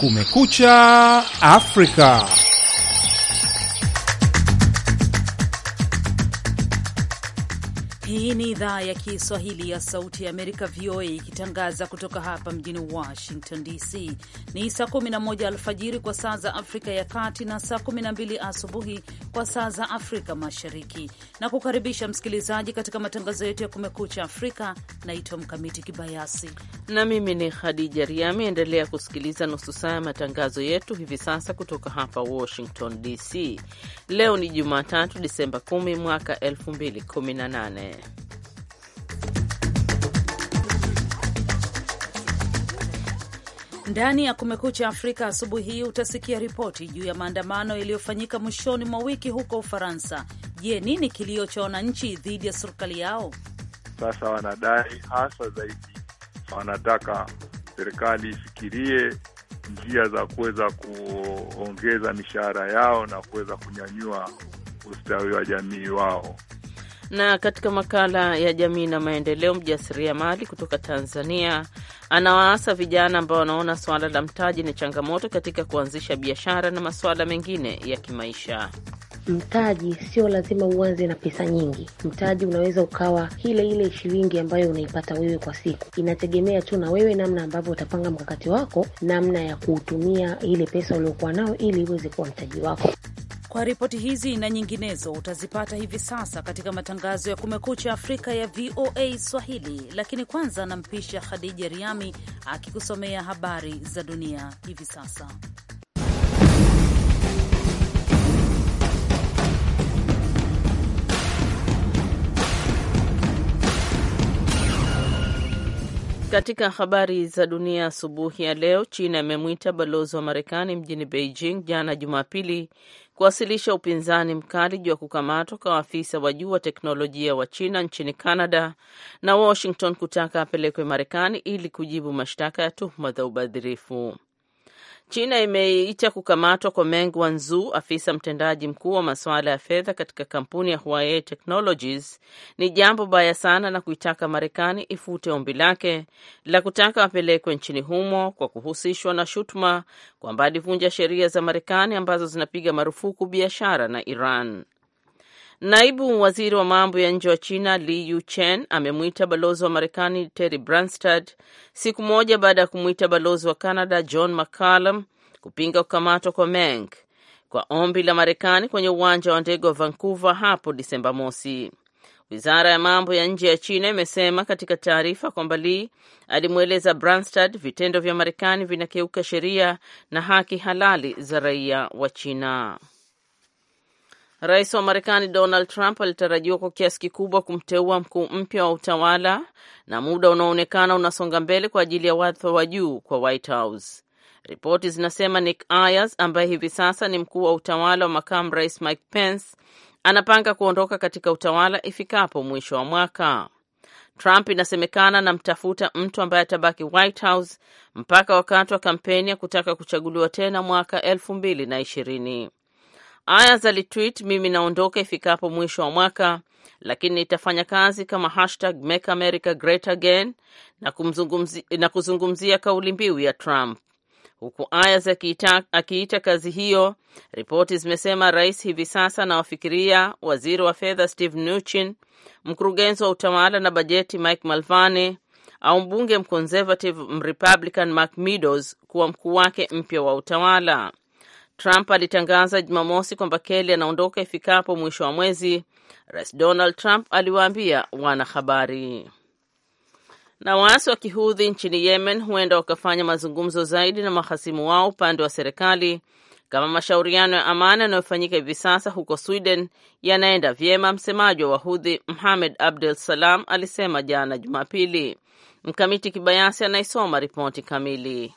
Kumekucha Afrika. Hii ni idhaa ya Kiswahili ya Sauti ya Amerika, VOA, ikitangaza kutoka hapa mjini Washington DC. Ni saa 11 alfajiri kwa saa za Afrika ya Kati na saa 12 asubuhi kwa saa za Afrika Mashariki na kukaribisha msikilizaji katika matangazo yetu ya Kumekucha Afrika. Naitwa Mkamiti Kibayasi na mimi ni Khadija Riami. Endelea kusikiliza nusu saa ya matangazo yetu hivi sasa kutoka hapa Washington DC. Leo ni Jumatatu, Disemba 10 mwaka 2018. Ndani ya Kumekucha Afrika asubuhi hii utasikia ripoti juu ya maandamano yaliyofanyika mwishoni mwa wiki huko Ufaransa. Je, nini kilio cha wananchi dhidi ya serikali yao? Sasa wanadai hasa zaidi, wanataka serikali ifikirie njia za kuweza kuongeza mishahara yao na kuweza kunyanyua ustawi wa jamii wao. Na katika makala ya jamii na maendeleo, mjasiriamali kutoka Tanzania Anawaasa vijana ambao wanaona suala la mtaji ni changamoto katika kuanzisha biashara na masuala mengine ya kimaisha. Mtaji sio lazima uanze na pesa nyingi. Mtaji unaweza ukawa ile ile shilingi ambayo unaipata wewe kwa siku. Inategemea tu na wewe, namna ambavyo utapanga mkakati wako, namna ya kuutumia ile pesa uliokuwa nayo, ili iweze kuwa mtaji wako. Kwa ripoti hizi na nyinginezo utazipata hivi sasa katika matangazo ya Kumekucha Afrika ya VOA Swahili, lakini kwanza anampisha Khadija Riami akikusomea habari za dunia hivi sasa. Katika habari za dunia asubuhi ya leo, China imemwita balozi wa Marekani mjini Beijing jana Jumapili kuwasilisha upinzani mkali juu ya kukamatwa kwa afisa wa juu wa teknolojia wa China nchini Canada na Washington kutaka apelekwe Marekani ili kujibu mashtaka ya tuhuma za ubadhirifu. China imeita kukamatwa kwa Meng Wanzu, afisa mtendaji mkuu wa masuala ya fedha katika kampuni ya Huawei Technologies, ni jambo baya sana na kuitaka Marekani ifute ombi lake la kutaka wapelekwe nchini humo kwa kuhusishwa na shutuma kwamba alivunja sheria za Marekani ambazo zinapiga marufuku biashara na Iran. Naibu waziri wa mambo ya nje wa China Li Chen amemwita balozi wa Marekani Terry Branstad siku moja baada ya kumwita balozi wa Canada John McCallum kupinga kukamatwa kwa Meng kwa ombi la Marekani kwenye uwanja wa ndege wa Vancouver hapo Disemba mosi. Wizara ya mambo ya nje ya China imesema katika taarifa kwamba Li alimweleza Branstad vitendo vya Marekani vinakeuka sheria na haki halali za raia wa China. Rais wa Marekani Donald Trump alitarajiwa kwa kiasi kikubwa kumteua mkuu mpya wa utawala na muda unaoonekana unasonga mbele kwa ajili ya wadhifa wa juu kwa White House. Ripoti zinasema Nick Ayers ambaye hivi sasa ni mkuu wa utawala wa makamu rais Mike Pence anapanga kuondoka katika utawala ifikapo mwisho wa mwaka. Trump inasemekana anamtafuta mtu ambaye atabaki White House mpaka wakati wa kampeni ya kutaka kuchaguliwa tena mwaka elfu mbili na ishirini. Ayaz alitweet, mimi naondoka ifikapo mwisho wa mwaka, lakini nitafanya kazi kama hashtag Make America Great Again na, na kuzungumzia kauli mbiu ya Trump huku Ayaz akiita kazi hiyo. Ripoti zimesema rais hivi sasa anawafikiria waziri wa fedha Steve Mnuchin, mkurugenzi wa utawala na bajeti Mike Malvani au mbunge mconservative mrepublican Mark Meadows kuwa mkuu wake mpya wa utawala. Trump alitangaza Jumamosi kwamba Kelly anaondoka ifikapo mwisho wa mwezi. Rais Donald Trump aliwaambia wanahabari. Na waasi wa kihudhi nchini Yemen huenda wakafanya mazungumzo zaidi na mahasimu wao upande wa serikali kama mashauriano ya amani yanayofanyika hivi sasa huko Sweden yanaenda vyema, msemaji wa wahudhi Mohamed Abdul Salam alisema jana Jumapili. Mkamiti Kibayasi anaisoma ripoti kamili.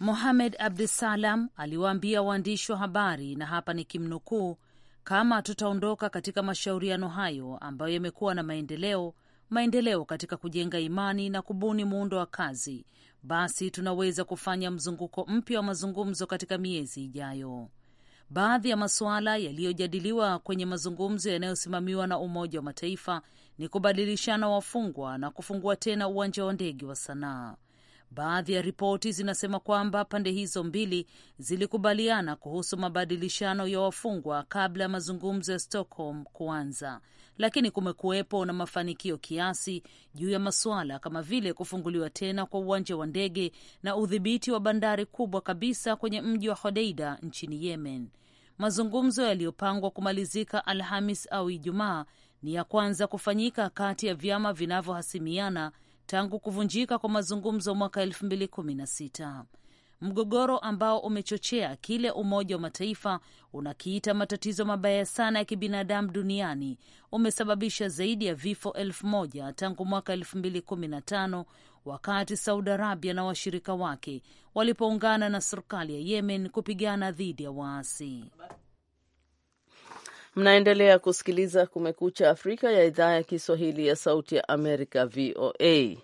Mohamed Abdusalam aliwaambia waandishi wa habari, na hapa ni kimnukuu: kama tutaondoka katika mashauriano hayo ambayo yamekuwa na maendeleo maendeleo katika kujenga imani na kubuni muundo wa kazi, basi tunaweza kufanya mzunguko mpya wa mazungumzo katika miezi ijayo. Baadhi ya masuala yaliyojadiliwa kwenye mazungumzo yanayosimamiwa na Umoja wa Mataifa ni kubadilishana wafungwa na kufungua tena uwanja wa ndege wa Sanaa. Baadhi ya ripoti zinasema kwamba pande hizo mbili zilikubaliana kuhusu mabadilishano ya wafungwa kabla ya mazungumzo ya Stockholm kuanza, lakini kumekuwepo na mafanikio kiasi juu ya masuala kama vile kufunguliwa tena kwa uwanja wa ndege na udhibiti wa bandari kubwa kabisa kwenye mji wa Hodeida nchini Yemen. Mazungumzo yaliyopangwa kumalizika Alhamis au Ijumaa ni ya kwanza kufanyika kati ya vyama vinavyohasimiana tangu kuvunjika kwa mazungumzo mwaka 2016, mgogoro ambao umechochea kile Umoja wa Mataifa unakiita matatizo mabaya sana ya kibinadamu duniani umesababisha zaidi ya vifo elfu moja tangu mwaka 2015 wakati Saudi Arabia na washirika wake walipoungana na serikali ya Yemen kupigana dhidi ya waasi. Mnaendelea kusikiliza Kumekucha Afrika ya idhaa ya Kiswahili ya Sauti ya Amerika, VOA.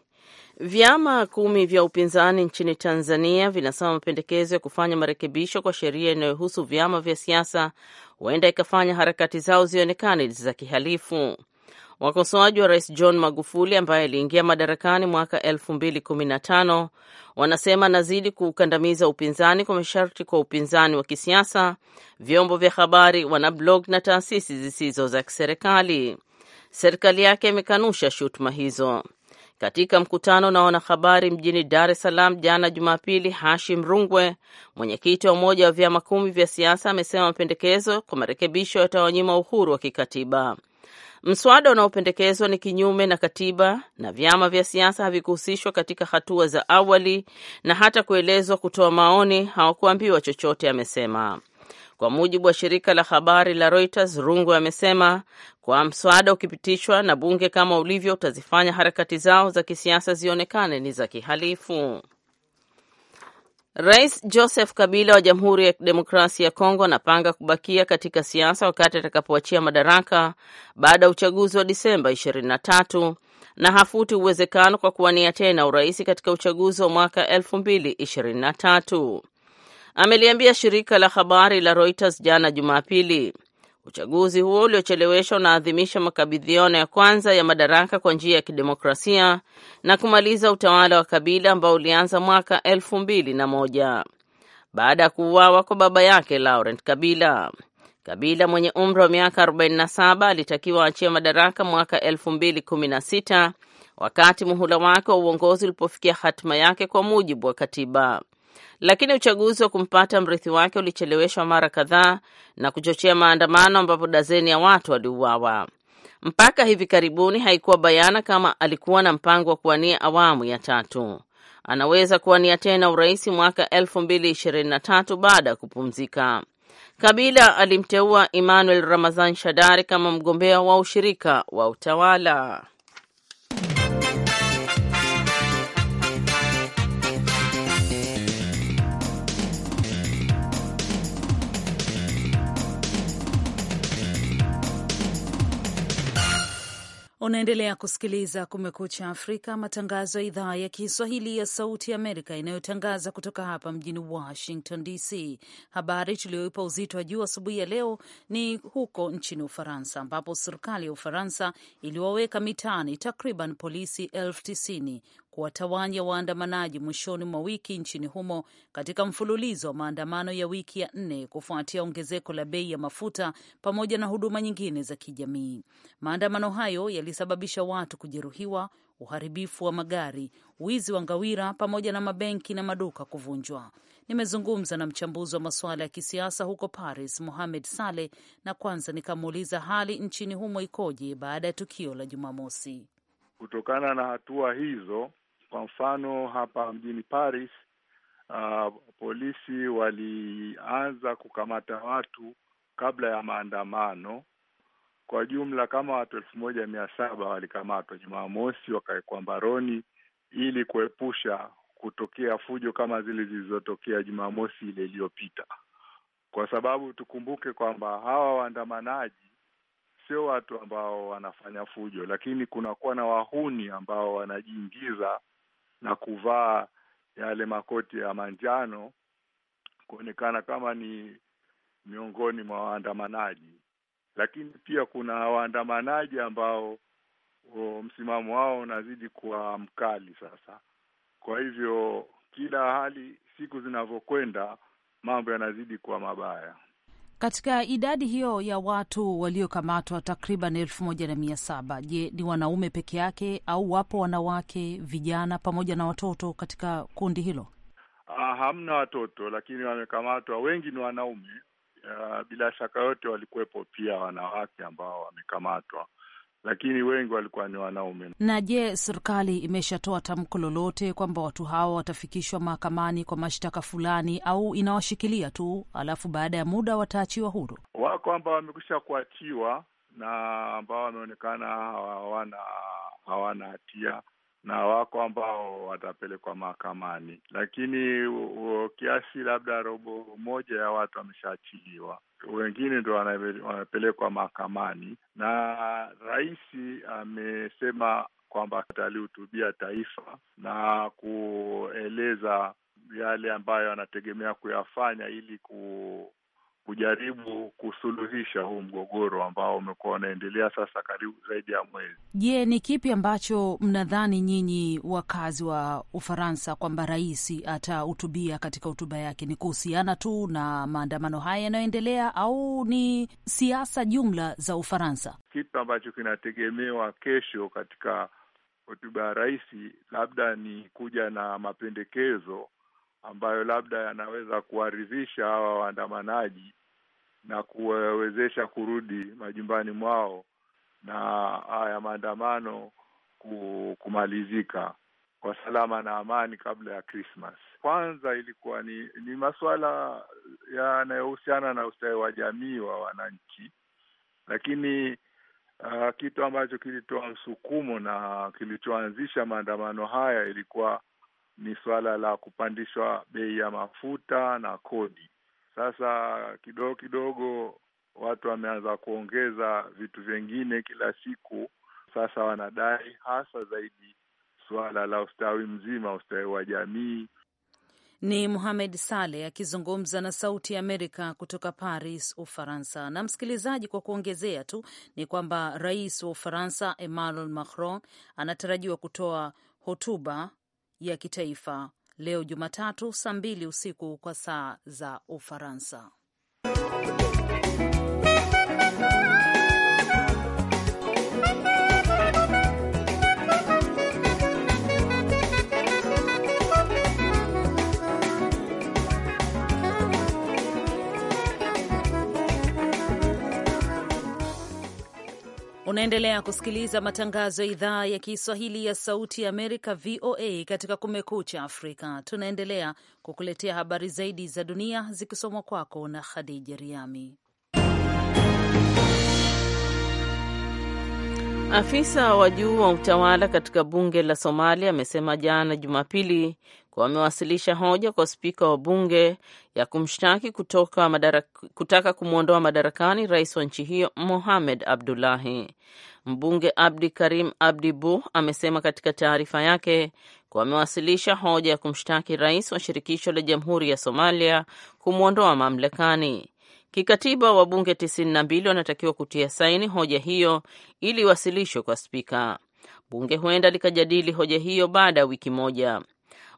Vyama kumi vya upinzani nchini Tanzania vinasema mapendekezo ya kufanya marekebisho kwa sheria inayohusu vyama vya siasa huenda ikafanya harakati zao zionekane za kihalifu. Wakosoaji wa rais John Magufuli ambaye aliingia madarakani mwaka 2015 wanasema anazidi kuukandamiza upinzani kwa masharti kwa upinzani wa kisiasa, vyombo vya habari, wanablog na taasisi zisizo za kiserikali. Serikali yake imekanusha shutuma hizo. Katika mkutano na wanahabari mjini Dar es Salaam jana Jumapili, Hashim Rungwe, mwenyekiti wa umoja wa vyama kumi vya siasa, amesema mapendekezo kwa marekebisho yatawanyima uhuru wa kikatiba. Mswada unaopendekezwa ni kinyume na katiba na vyama vya siasa havikuhusishwa katika hatua za awali na hata kuelezwa kutoa maoni, hawakuambiwa chochote, amesema. Kwa mujibu wa shirika la habari la Reuters, Rungu amesema kwa mswada ukipitishwa na bunge kama ulivyo, utazifanya harakati zao za kisiasa zionekane ni za kihalifu. Rais Joseph Kabila wa Jamhuri ya Kidemokrasia ya Kongo anapanga kubakia katika siasa wakati atakapoachia madaraka baada ya uchaguzi wa Disemba 23 na hafuti uwezekano kwa kuwania tena urais katika uchaguzi wa mwaka 2023. Ameliambia shirika la habari la Reuters jana Jumapili Uchaguzi huo uliocheleweshwa unaadhimisha makabidhiano ya kwanza ya madaraka kwa njia ya kidemokrasia na kumaliza utawala wa Kabila ambao ulianza mwaka elfu mbili na moja baada ya kuuawa kwa baba yake Laurent Kabila. Kabila mwenye umri wa miaka 47 alitakiwa achia madaraka mwaka sita wakati muhula wake wa uongozi ulipofikia hatima yake kwa mujibu wa katiba lakini uchaguzi wa kumpata mrithi wake ulicheleweshwa mara kadhaa na kuchochea maandamano ambapo dazeni ya watu waliuawa. Mpaka hivi karibuni haikuwa bayana kama alikuwa na mpango wa kuwania awamu ya tatu. Anaweza kuwania tena urais mwaka 2023 baada ya kupumzika. Kabila alimteua Emmanuel Ramazan Shadari kama mgombea wa ushirika wa utawala. Unaendelea kusikiliza Kumekucha Afrika, matangazo ya idhaa ya Kiswahili ya Sauti ya Amerika inayotangaza kutoka hapa mjini Washington DC. Habari tuliyoipa uzito wa juu asubuhi ya leo ni huko nchini Ufaransa, ambapo serikali ya Ufaransa iliwaweka mitaani takriban polisi elfu tisini kuwatawanya waandamanaji mwishoni mwa wiki nchini humo katika mfululizo wa maandamano ya wiki ya nne kufuatia ongezeko la bei ya mafuta pamoja na huduma nyingine za kijamii. Maandamano hayo yalisababisha watu kujeruhiwa, uharibifu wa magari, wizi wa ngawira pamoja na mabenki na maduka kuvunjwa. Nimezungumza na mchambuzi wa masuala ya kisiasa huko Paris, Mohamed Saleh, na kwanza nikamuuliza hali nchini humo ikoje baada ya tukio la Jumamosi. Kutokana na hatua hizo kwa mfano hapa mjini Paris, uh, polisi walianza kukamata watu kabla ya maandamano. Kwa jumla kama watu elfu moja mia saba walikamatwa Jumamosi, wakawekwa mbaroni ili kuepusha kutokea fujo kama zile zilizotokea Jumamosi ile iliyopita, kwa sababu tukumbuke kwamba hawa waandamanaji sio watu ambao wanafanya fujo, lakini kunakuwa na wahuni ambao wanajiingiza na kuvaa yale makoti ya manjano kuonekana kama ni miongoni mwa waandamanaji. Lakini pia kuna waandamanaji ambao msimamo wao unazidi kuwa mkali sasa. Kwa hivyo kila hali, siku zinavyokwenda, mambo yanazidi kuwa mabaya. Katika idadi hiyo ya watu waliokamatwa takriban elfu moja na mia saba, je, ni wanaume peke yake au wapo wanawake, vijana pamoja na watoto katika kundi hilo? Ah, hamna watoto, lakini wamekamatwa wengi ni wanaume. Uh, bila shaka yote walikuwepo pia wanawake ambao wamekamatwa lakini wengi walikuwa ni wanaume. Na je, serikali imeshatoa tamko lolote kwamba watu hawa watafikishwa mahakamani kwa mashtaka fulani, au inawashikilia tu alafu baada ya muda wataachiwa huru? Wako ambao wamekwisha kuachiwa na ambao wameonekana hawana hawana hatia na wako ambao watapelekwa mahakamani, lakini kiasi labda robo moja ya watu wameshaachiliwa, wengine ndo wanapelekwa mahakamani, na rais amesema kwamba atalihutubia taifa na kueleza yale ambayo anategemea kuyafanya ili ku kujaribu kusuluhisha huu mgogoro ambao umekuwa unaendelea sasa karibu zaidi ya mwezi. Je, ni kipi ambacho mnadhani nyinyi wakazi wa Ufaransa kwamba rais atahutubia katika hotuba yake? Ni kuhusiana tu na maandamano haya yanayoendelea au ni siasa jumla za Ufaransa? Kitu ambacho kinategemewa kesho katika hotuba ya rais labda ni kuja na mapendekezo ambayo labda yanaweza kuwaridhisha hawa waandamanaji na kuwawezesha kurudi majumbani mwao na haya maandamano kumalizika kwa salama na amani kabla ya Krismas. Kwanza ilikuwa ni ni masuala yanayohusiana na ustawi wa jamii wa wananchi, lakini uh, kitu ambacho kilitoa msukumo na kilichoanzisha maandamano haya ilikuwa ni suala la kupandishwa bei ya mafuta na kodi. Sasa kidogo kidogo watu wameanza kuongeza vitu vyengine kila siku. Sasa wanadai hasa zaidi suala la ustawi mzima, ustawi wa jamii. Ni Muhamed Saleh akizungumza na Sauti ya Amerika kutoka Paris, Ufaransa. Na msikilizaji, kwa kuongezea tu ni kwamba rais wa Ufaransa Emmanuel Macron anatarajiwa kutoa hotuba ya kitaifa leo Jumatatu saa mbili usiku kwa saa za Ufaransa. Unaendelea kusikiliza matangazo ya idhaa ya Kiswahili ya Sauti ya Amerika, VOA, katika Kumekucha Afrika. Tunaendelea kukuletea habari zaidi za dunia zikisomwa kwako na Khadija Riami. Afisa wa juu wa utawala katika bunge la Somalia amesema jana Jumapili wamewasilisha hoja kwa spika wa bunge ya kumshtaki kutoka madarak, kutaka kumwondoa madarakani rais wa nchi hiyo Mohamed Abdullahi. Mbunge Abdi Karim Abdi Buh amesema katika taarifa yake wamewasilisha hoja ya kumshtaki rais wa shirikisho la jamhuri ya Somalia kumwondoa mamlakani. Kikatiba, wabunge 92 wanatakiwa kutia saini hoja hiyo ili iwasilishwe kwa spika. Bunge huenda likajadili hoja hiyo baada ya wiki moja.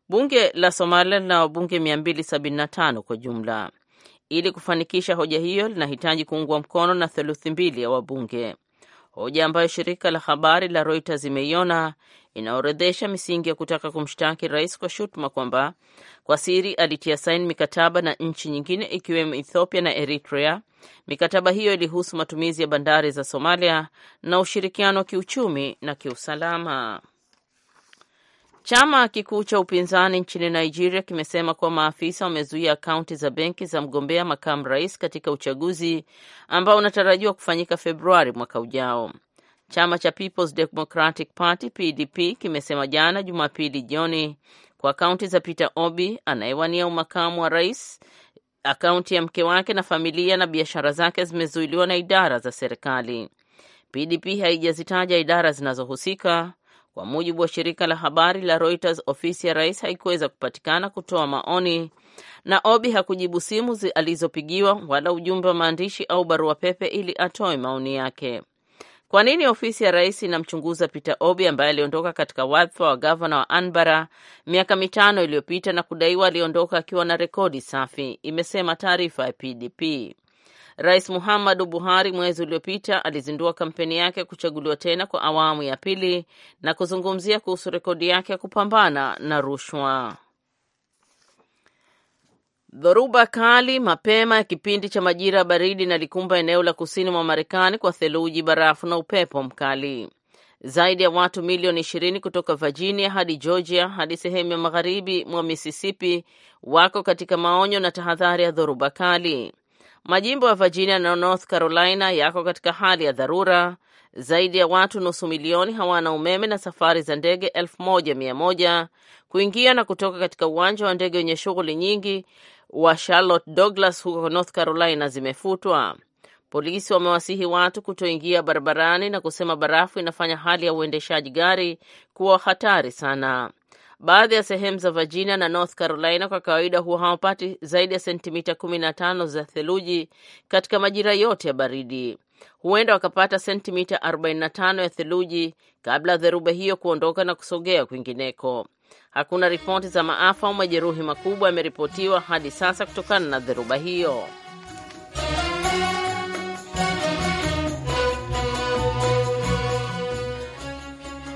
Bunge la Somalia lina wabunge 275 kwa jumla. Ili kufanikisha hoja hiyo, linahitaji kuungwa mkono na theluthi mbili ya wabunge, hoja ambayo shirika la habari la Reuters imeiona inaorodhesha misingi ya kutaka kumshtaki rais kwa shutuma kwamba kwa siri alitia saini mikataba na nchi nyingine ikiwemo Ethiopia na Eritrea. Mikataba hiyo ilihusu matumizi ya bandari za Somalia na ushirikiano wa kiuchumi na kiusalama. Chama kikuu cha upinzani nchini Nigeria kimesema kuwa maafisa wamezuia akaunti za benki za mgombea makamu rais katika uchaguzi ambao unatarajiwa kufanyika Februari mwaka ujao. Chama cha Peoples Democratic Party PDP kimesema jana Jumapili jioni kwa akaunti za Peter Obi anayewania umakamu wa rais, akaunti ya mke wake na familia na biashara zake zimezuiliwa na idara za serikali. PDP haijazitaja idara zinazohusika. Kwa mujibu wa shirika la habari la Reuters, ofisi ya rais haikuweza kupatikana kutoa maoni na Obi hakujibu simu alizopigiwa wala ujumbe wa maandishi au barua pepe ili atoe maoni yake. Kwa nini ofisi ya rais inamchunguza Peter Obi ambaye aliondoka katika wadhifa wa gavana wa anbara miaka mitano iliyopita na kudaiwa aliondoka akiwa na rekodi safi, imesema taarifa ya PDP. Rais Muhammadu Buhari mwezi uliopita alizindua kampeni yake kuchaguliwa tena kwa awamu ya pili na kuzungumzia kuhusu rekodi yake ya kupambana na rushwa. Dhoruba kali mapema ya kipindi cha majira ya baridi na likumba eneo la kusini mwa Marekani kwa theluji, barafu na upepo mkali. Zaidi ya watu milioni ishirini kutoka Virginia hadi Georgia hadi sehemu ya magharibi mwa Mississippi wako katika maonyo na tahadhari ya dhoruba kali. Majimbo ya Virginia na North Carolina yako katika hali ya dharura. Zaidi ya watu nusu milioni hawana umeme na safari za ndege elfu moja mia moja kuingia na kutoka katika uwanja wa ndege wenye shughuli nyingi wa Charlotte Douglas huko North Carolina zimefutwa. Polisi wamewasihi watu kutoingia barabarani na kusema barafu inafanya hali ya uendeshaji gari kuwa hatari sana. Baadhi ya sehemu za Virginia na North Carolina kwa kawaida huwa hawapati zaidi ya sentimita 15 za theluji katika majira yote ya baridi. Huenda wakapata sentimita 45 ya theluji kabla ya dheruba hiyo kuondoka na kusogea kwingineko. Hakuna ripoti za maafa au majeruhi makubwa yameripotiwa hadi sasa kutokana na dheruba hiyo.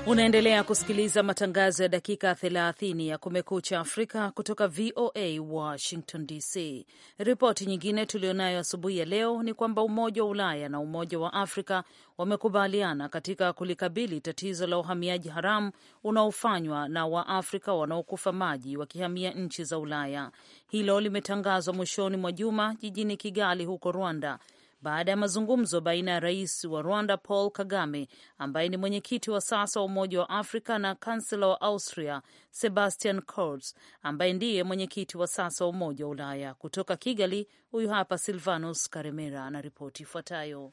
Unaendelea kusikiliza matangazo ya dakika 30 ya Kumekucha Afrika kutoka VOA Washington DC. Ripoti nyingine tuliyonayo asubuhi ya leo ni kwamba Umoja wa Ulaya na Umoja wa Afrika wamekubaliana katika kulikabili tatizo la uhamiaji haramu unaofanywa na Waafrika wanaokufa maji wakihamia nchi za Ulaya. Hilo limetangazwa mwishoni mwa juma jijini Kigali huko Rwanda baada ya mazungumzo baina ya rais wa Rwanda Paul Kagame ambaye ni mwenyekiti wa sasa wa Umoja wa Afrika na kansela wa Austria Sebastian Kurz ambaye ndiye mwenyekiti wa sasa wa Umoja wa Ulaya. Kutoka Kigali, huyu hapa Silvanus Karemera ana ripoti ifuatayo.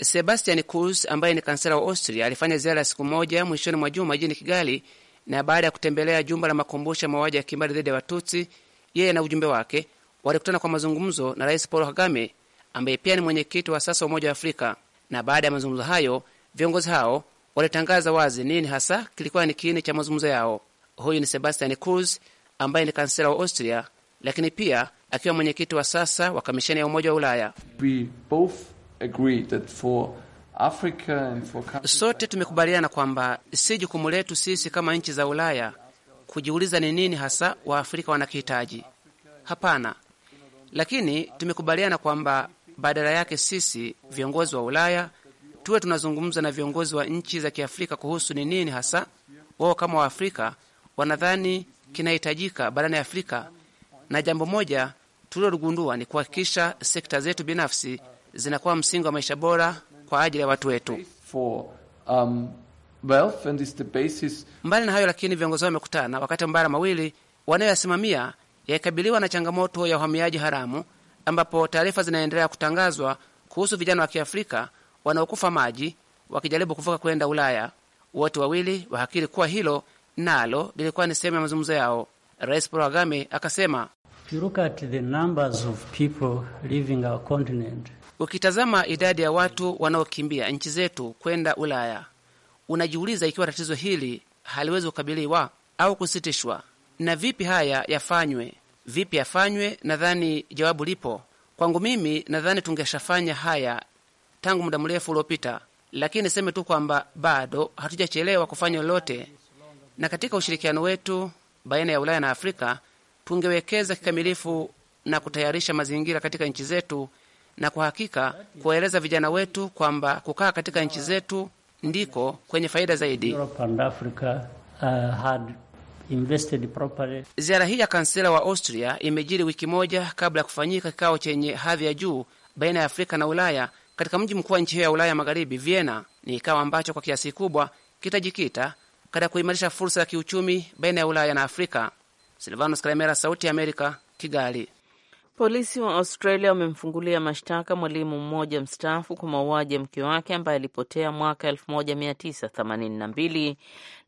Sebastian Kurz ambaye ni kansela wa Austria alifanya ziara ya siku moja mwishoni mwa juma jini Kigali, na baada ya kutembelea jumba la makumbusho ya mauaji ya kimbari dhidi ya Watutsi, yeye na ujumbe wake walikutana kwa mazungumzo na rais Paul Kagame ambaye pia ni mwenyekiti wa sasa wa Umoja wa Afrika. Na baada ya mazungumzo hayo, viongozi hao walitangaza wazi nini hasa kilikuwa ni kiini cha mazungumzo yao. Huyu ni Sebastian Kurz ambaye ni kansela wa Austria, lakini pia akiwa mwenyekiti wa sasa wa kamisheni ya Umoja wa Ulaya. Sote tumekubaliana kwamba si jukumu letu sisi kama nchi za Ulaya kujiuliza ni nini hasa Waafrika wanakihitaji. Hapana, lakini tumekubaliana kwamba badala yake sisi viongozi wa Ulaya tuwe tunazungumza na viongozi wa nchi za Kiafrika kuhusu ni nini hasa wao kama Waafrika wanadhani kinahitajika barani Afrika. Na jambo moja tulilogundua ni kuhakikisha sekta zetu binafsi zinakuwa msingi wa maisha bora kwa ajili ya watu wetu. Um, mbali na hayo lakini, viongozi hao wamekutana wakati mabara mawili wanayoyasimamia yaikabiliwa na changamoto ya uhamiaji haramu ambapo taarifa zinaendelea kutangazwa kuhusu vijana wa Kiafrika wanaokufa maji wakijaribu kuvuka kwenda Ulaya. Wote wawili wahakiri kuwa hilo nalo lilikuwa ni sehemu ya mazungumzo yao. Rais Paul Kagame akasema, ukitazama idadi ya watu wanaokimbia nchi zetu kwenda Ulaya, unajiuliza ikiwa tatizo hili haliwezi kukabiliwa au kusitishwa, na vipi haya yafanywe vipi afanywe? Nadhani jawabu lipo. Kwangu mimi, nadhani tungeshafanya haya tangu muda mrefu uliopita, lakini niseme tu kwamba bado hatujachelewa kufanya lolote, na katika ushirikiano wetu baina ya Ulaya na Afrika tungewekeza kikamilifu na kutayarisha mazingira katika nchi zetu, na kwa hakika kuwaeleza vijana wetu kwamba kukaa katika nchi zetu ndiko kwenye faida zaidi. Europe and Africa, uh, had invested properly. Ziara hii ya kansela wa Austria imejiri wiki moja kabla ya kufanyika kikao chenye hadhi ya juu baina ya Afrika na Ulaya katika mji mkuu wa nchi hiyo ya Ulaya Magharibi, Vienna. Ni kikao ambacho kwa kiasi kikubwa kitajikita katika kuimarisha fursa ya kiuchumi baina ya Ulaya na Afrika. Silvanos Kalemera, Sauti ya Amerika, Kigali. Polisi wa Australia wamemfungulia mashtaka mwalimu mmoja mstaafu kwa mauaji ya mke wake ambaye alipotea mwaka 1982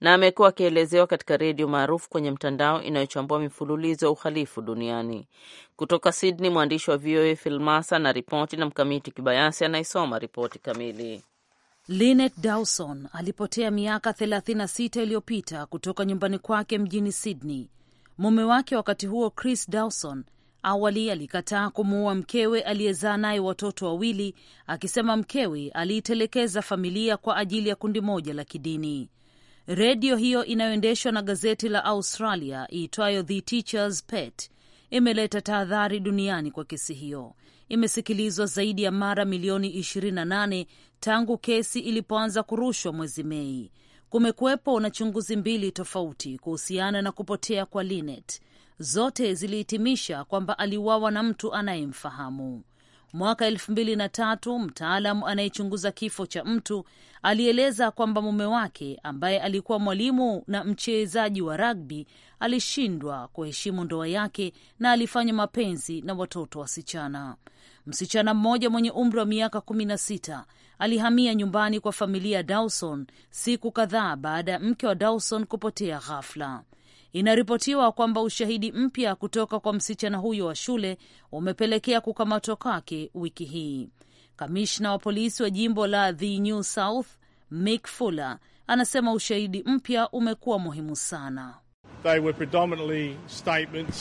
na amekuwa akielezewa katika redio maarufu kwenye mtandao inayochambua mifululizo ya uhalifu duniani. Kutoka Sydney, mwandishi wa VOA Filmasa na ripoti na Mkamiti Kibayasi anayesoma ripoti kamili. Linet Dawson alipotea miaka 36 iliyopita kutoka nyumbani kwake mjini Sydney. Mume wake wakati huo Chris Dawson Awali alikataa kumuua mkewe aliyezaa naye watoto wawili, akisema mkewe aliitelekeza familia kwa ajili ya kundi moja la kidini. Redio hiyo inayoendeshwa na gazeti la Australia iitwayo The Teacher's Pet imeleta tahadhari duniani kwa kesi hiyo. Imesikilizwa zaidi ya mara milioni 28 tangu kesi ilipoanza kurushwa mwezi Mei. Kumekuwepo na chunguzi mbili tofauti kuhusiana na kupotea kwa Linet zote zilihitimisha kwamba aliuawa na mtu anayemfahamu. Mwaka elfu mbili na tatu mtaalamu anayechunguza kifo cha mtu alieleza kwamba mume wake ambaye alikuwa mwalimu na mchezaji wa ragbi alishindwa kuheshimu ndoa yake na alifanya mapenzi na watoto wasichana. Msichana mmoja mwenye umri wa miaka kumi na sita alihamia nyumbani kwa familia ya Dawson siku kadhaa baada ya mke wa Dawson kupotea ghafla. Inaripotiwa kwamba ushahidi mpya kutoka kwa msichana huyo wa shule umepelekea kukamatwa kwake wiki hii. Kamishna wa polisi wa jimbo la The New South Mick Fuller anasema ushahidi mpya umekuwa muhimu sana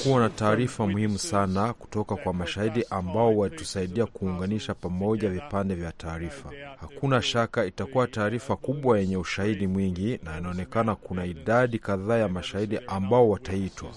kuwa na taarifa muhimu sana kutoka kwa mashahidi ambao walitusaidia kuunganisha pamoja vipande vya taarifa. Hakuna shaka itakuwa taarifa kubwa yenye ushahidi mwingi, na inaonekana kuna idadi kadhaa ya mashahidi ambao wataitwa.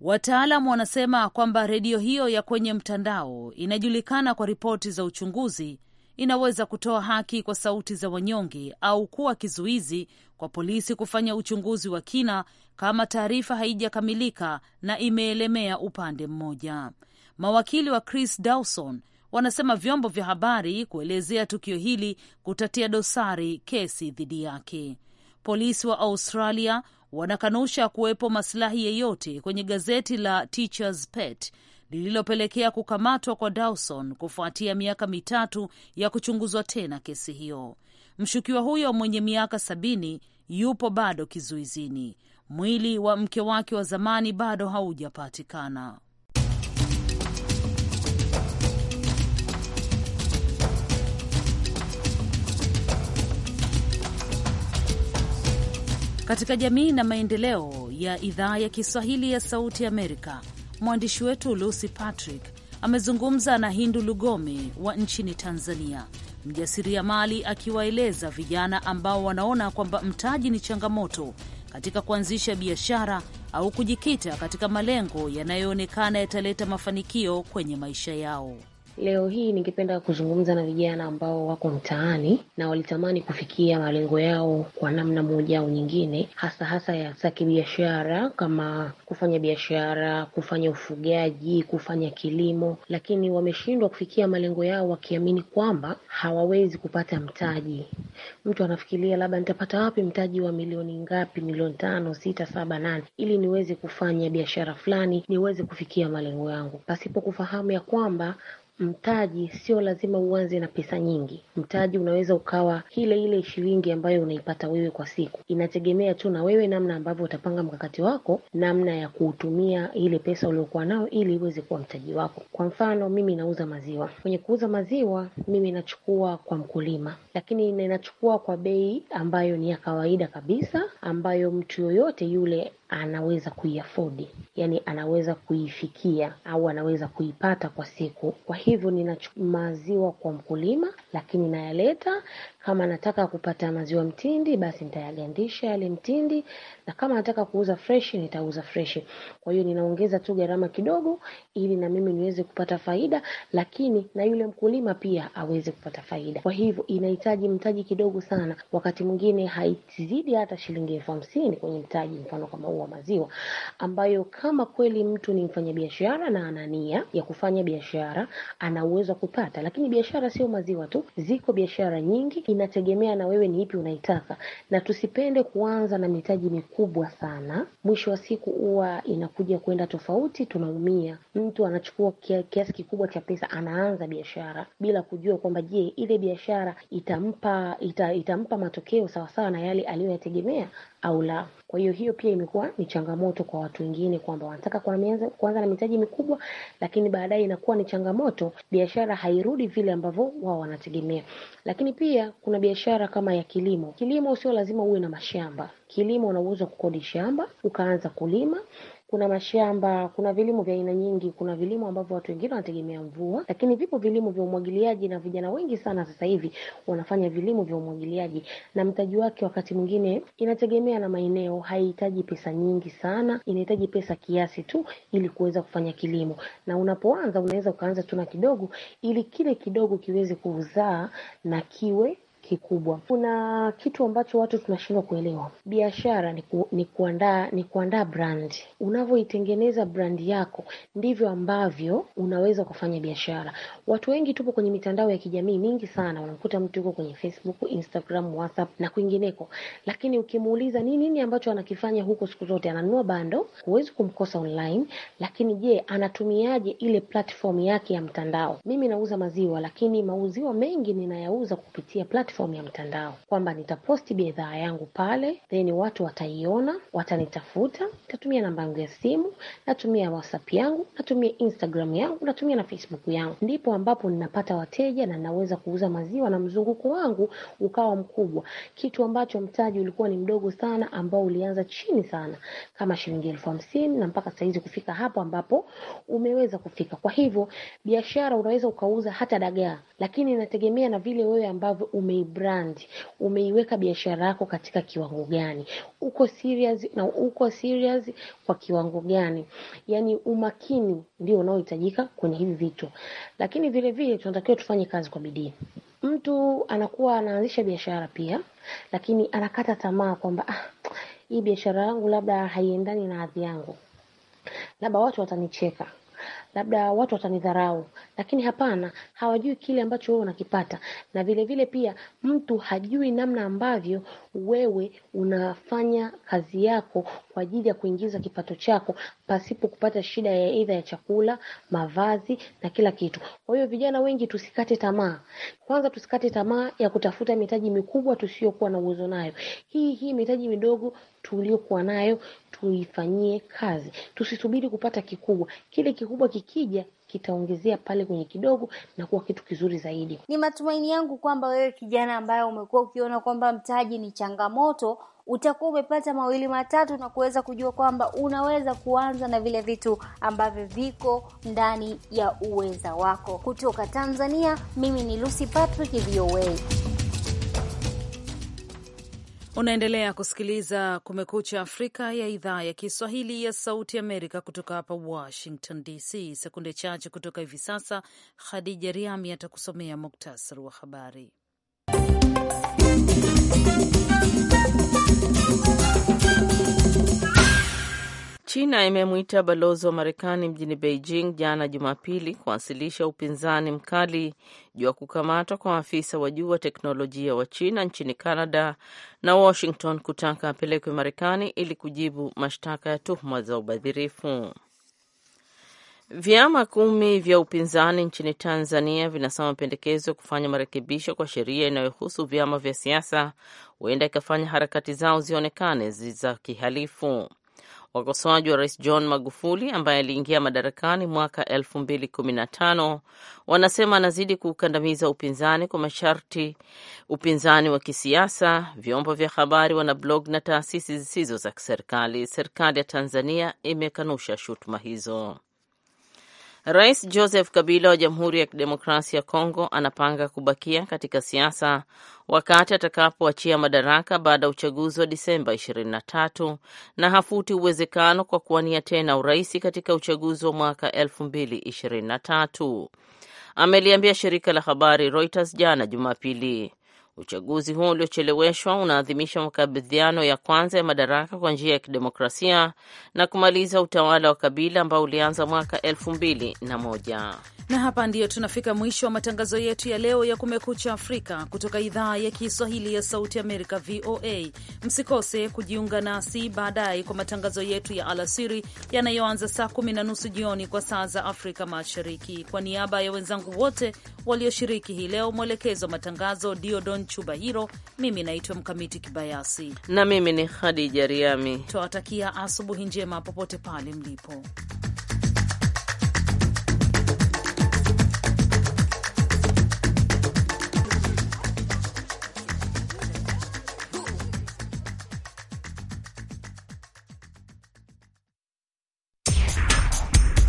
Wataalam wanasema kwamba redio hiyo ya kwenye mtandao inajulikana kwa ripoti za uchunguzi inaweza kutoa haki kwa sauti za wanyonge au kuwa kizuizi kwa polisi kufanya uchunguzi wa kina kama taarifa haijakamilika na imeelemea upande mmoja. Mawakili wa Chris Dawson wanasema vyombo vya habari kuelezea tukio hili kutatia dosari kesi dhidi yake. Polisi wa Australia wanakanusha kuwepo masilahi yeyote kwenye gazeti la Teacher's Pet lililopelekea kukamatwa kwa Dawson kufuatia miaka mitatu ya kuchunguzwa tena kesi hiyo. Mshukiwa huyo mwenye miaka sabini yupo bado kizuizini. Mwili wa mke wake wa zamani bado haujapatikana. Katika jamii na maendeleo ya idhaa ya Kiswahili ya Sauti Amerika mwandishi wetu Lucy Patrick amezungumza na Hindu Lugome wa nchini Tanzania, mjasiriamali, akiwaeleza vijana ambao wanaona kwamba mtaji ni changamoto katika kuanzisha biashara au kujikita katika malengo yanayoonekana yataleta mafanikio kwenye maisha yao. Leo hii ningependa kuzungumza na vijana ambao wako mtaani na walitamani kufikia malengo yao kwa namna moja au nyingine, hasa hasa ya za kibiashara, kama kufanya biashara, kufanya ufugaji, kufanya kilimo, lakini wameshindwa kufikia malengo yao wakiamini kwamba hawawezi kupata mtaji. Mtu anafikiria labda nitapata wapi mtaji wa milioni ngapi, milioni tano, sita, saba, nane, ili niweze kufanya biashara fulani, niweze kufikia malengo yangu, pasipo kufahamu ya kwamba mtaji sio lazima uanze na pesa nyingi. Mtaji unaweza ukawa ile ile shilingi ambayo unaipata wewe kwa siku, inategemea tu na wewe namna ambavyo utapanga mkakati wako, namna ya kuutumia ile pesa uliokuwa nayo ili iweze kuwa mtaji wako. Kwa mfano, mimi nauza maziwa. Kwenye kuuza maziwa, mimi nachukua kwa mkulima, lakini ninachukua kwa bei ambayo ni ya kawaida kabisa, ambayo mtu yoyote yule anaweza kuiafodi, yani anaweza kuifikia au anaweza kuipata kwa siku. Kwa hivyo ninachukua maziwa kwa mkulima, lakini nayaleta. Kama nataka kupata maziwa mtindi, basi nitayagandisha yale mtindi, na kama nataka kuuza freshi, nitauza freshi. Kwa hiyo ninaongeza tu gharama kidogo, ili na mimi niweze kupata faida, lakini na yule mkulima pia aweze kupata faida. Kwa hivyo inahitaji mtaji kidogo sana, wakati mwingine haizidi hata shilingi elfu hamsini kwenye mtaji mfano kama huo wa maziwa, ambayo kama kweli mtu ni mfanyabiashara na ana nia ya kufanya biashara, ana uwezo wa kupata. Lakini biashara sio maziwa tu, ziko biashara nyingi, inategemea na wewe ni ipi unaitaka, na tusipende kuanza na mitaji mikubwa sana. Mwisho wa siku huwa inakuja kwenda tofauti, tunaumia. Mtu anachukua kiasi kikubwa cha pesa, anaanza biashara bila kujua kwamba je, ile biashara itampa ita, itampa matokeo sawasawa na yale aliyoyategemea? au la. Kwa hiyo hiyo pia imekuwa ni changamoto kwa watu wengine kwamba wanataka kuanza na mitaji mikubwa, lakini baadaye inakuwa ni changamoto, biashara hairudi vile ambavyo wao wanategemea. Lakini pia kuna biashara kama ya kilimo. Kilimo sio lazima uwe na mashamba. Kilimo una uwezo kukodi shamba ukaanza kulima kuna mashamba, kuna vilimo vya aina nyingi. Kuna vilimo ambavyo watu wengine wanategemea mvua, lakini vipo vilimo vya umwagiliaji, na vijana wengi sana sasa hivi wanafanya vilimo vya umwagiliaji, na mtaji wake wakati mwingine inategemea na maeneo, haihitaji pesa nyingi sana, inahitaji pesa kiasi tu ili kuweza kufanya kilimo. Na unapoanza unaweza ukaanza tu na kidogo, ili kile kidogo kiweze kuzaa na kiwe kikubwa. Kuna kitu ambacho watu tunashindwa kuelewa. Biashara ni, ku, ni kuandaa ni kuandaa brand. Unavyoitengeneza brand yako ndivyo ambavyo unaweza kufanya biashara. Watu wengi tupo kwenye mitandao ya kijamii mingi sana, unamkuta mtu yuko kwenye Facebook, Instagram, WhatsApp na kwingineko, lakini ukimuuliza ni nini ambacho anakifanya huko, siku zote ananunua bando, huwezi kumkosa online. Lakini je, anatumiaje ile platform yake ya mtandao? Mimi nauza maziwa, lakini mauziwa mengi ninayauza kupitia platform platform ya mtandao kwamba nitaposti bidhaa yangu pale, then watu wataiona, watanitafuta, nitatumia namba yangu ya simu, natumia WhatsApp yangu, natumia Instagram yangu, natumia na Facebook yangu, ndipo ambapo ninapata wateja na naweza kuuza maziwa na mzunguko wangu ukawa mkubwa, kitu ambacho mtaji ulikuwa ni mdogo sana, ambao ulianza chini sana kama shilingi elfu hamsini na mpaka sahizi kufika hapo ambapo umeweza kufika. Kwa hivyo biashara unaweza ukauza hata dagaa, lakini inategemea na vile wewe ambavyo ume brand umeiweka biashara yako katika kiwango gani? Uko serious na uko serious kwa kiwango gani? yani umakini ndio unaohitajika kwenye hivi vitu, lakini vile vile tunatakiwa tufanye kazi kwa bidii. Mtu anakuwa anaanzisha biashara pia, lakini anakata tamaa kwamba ah, hii biashara yangu labda haiendani na hadhi yangu, labda watu watanicheka labda watu watanidharau, lakini hapana, hawajui kile ambacho wewe unakipata, na vile vile pia mtu hajui namna ambavyo wewe unafanya kazi yako kwa ajili ya kuingiza kipato chako pasipo kupata shida ya aidha ya chakula, mavazi na kila kitu. Kwa hiyo vijana wengi tusikate tamaa. Kwanza tusikate tamaa ya kutafuta mitaji mikubwa tusiyokuwa na uwezo nayo. Hii hii mitaji midogo tuliokuwa nayo tuifanyie kazi, tusisubiri kupata kikubwa. Kile kikubwa kikija kitaongezea pale kwenye kidogo na kuwa kitu kizuri zaidi. Ni matumaini yangu kwamba wewe kijana ambaye umekuwa ukiona kwamba mtaji ni changamoto utakuwa umepata mawili matatu na kuweza kujua kwamba unaweza kuanza na vile vitu ambavyo viko ndani ya uweza wako. Kutoka Tanzania, mimi ni Lucy Patrick, VOA. Unaendelea kusikiliza Kumekucha Afrika ya idhaa ya Kiswahili ya Sauti Amerika kutoka hapa Washington DC. Sekunde chache kutoka hivi sasa, Khadija Riami atakusomea muktasari wa habari. China imemwita balozi wa Marekani mjini Beijing jana Jumapili kuwasilisha upinzani mkali juu ya kukamatwa kwa maafisa wa juu wa teknolojia wa China nchini Canada na Washington kutaka apelekwe Marekani ili kujibu mashtaka ya tuhuma za ubadhirifu. Vyama kumi vya upinzani nchini Tanzania vinasema mapendekezo ya kufanya marekebisho kwa sheria inayohusu vyama vya siasa huenda ikafanya harakati zao zionekane za kihalifu. Wakosoaji wa rais John Magufuli ambaye aliingia madarakani mwaka 2015 wanasema anazidi kukandamiza upinzani kwa masharti, upinzani wa kisiasa, vyombo vya habari, wanablog na taasisi zisizo za kiserikali. Serikali ya Tanzania imekanusha shutuma hizo. Rais Joseph Kabila wa Jamhuri ya Kidemokrasia ya Kongo anapanga kubakia katika siasa wakati atakapoachia madaraka baada ya uchaguzi wa Disemba 23 na hafuti uwezekano kwa kuwania tena urais katika uchaguzi wa mwaka 2023. Ameliambia shirika la habari Reuters jana Jumapili. Uchaguzi huo uliocheleweshwa unaadhimisha makabidhiano ya kwanza ya madaraka kwa njia ya kidemokrasia na kumaliza utawala wa kabila ambao ulianza mwaka elfu mbili na moja. Na hapa ndiyo tunafika mwisho wa matangazo yetu ya leo ya Kumekucha Afrika kutoka idhaa ya Kiswahili ya Sauti Amerika, VOA. Msikose kujiunga nasi baadaye kwa matangazo yetu ya alasiri yanayoanza saa kumi na nusu jioni kwa saa za Afrika Mashariki. Kwa niaba ya wenzangu wote walioshiriki hii leo, mwelekezo wa matangazo Diodon Chuba Hiro. Mimi naitwa Mkamiti Kibayasi na mimi ni Hadija Riami. Twawatakia asubuhi njema popote pale mlipo.